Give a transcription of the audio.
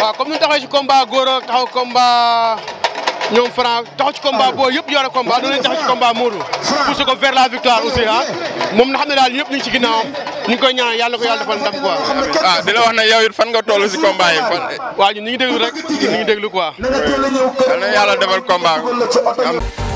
waaw comme ni ñu taxawee ci komba góor a taxaw combat ñoom Franc taxaw ci combat ah. boo yëpp yore combat doo leen taxaw ci combat Modou pousse ko vers la victoire aussi ah moom na xam ne daal ñëpp ñu ngi ci ginnaawam ñu ngi koy ñaan yàlla ko yàlla defal ndam quoi. waaw ah, di la wax ne yow it fan nga toll si combat yi fan. waaw ñun ñu nu déglu rek ñu ngi déglu quoi. yàlla na yàlla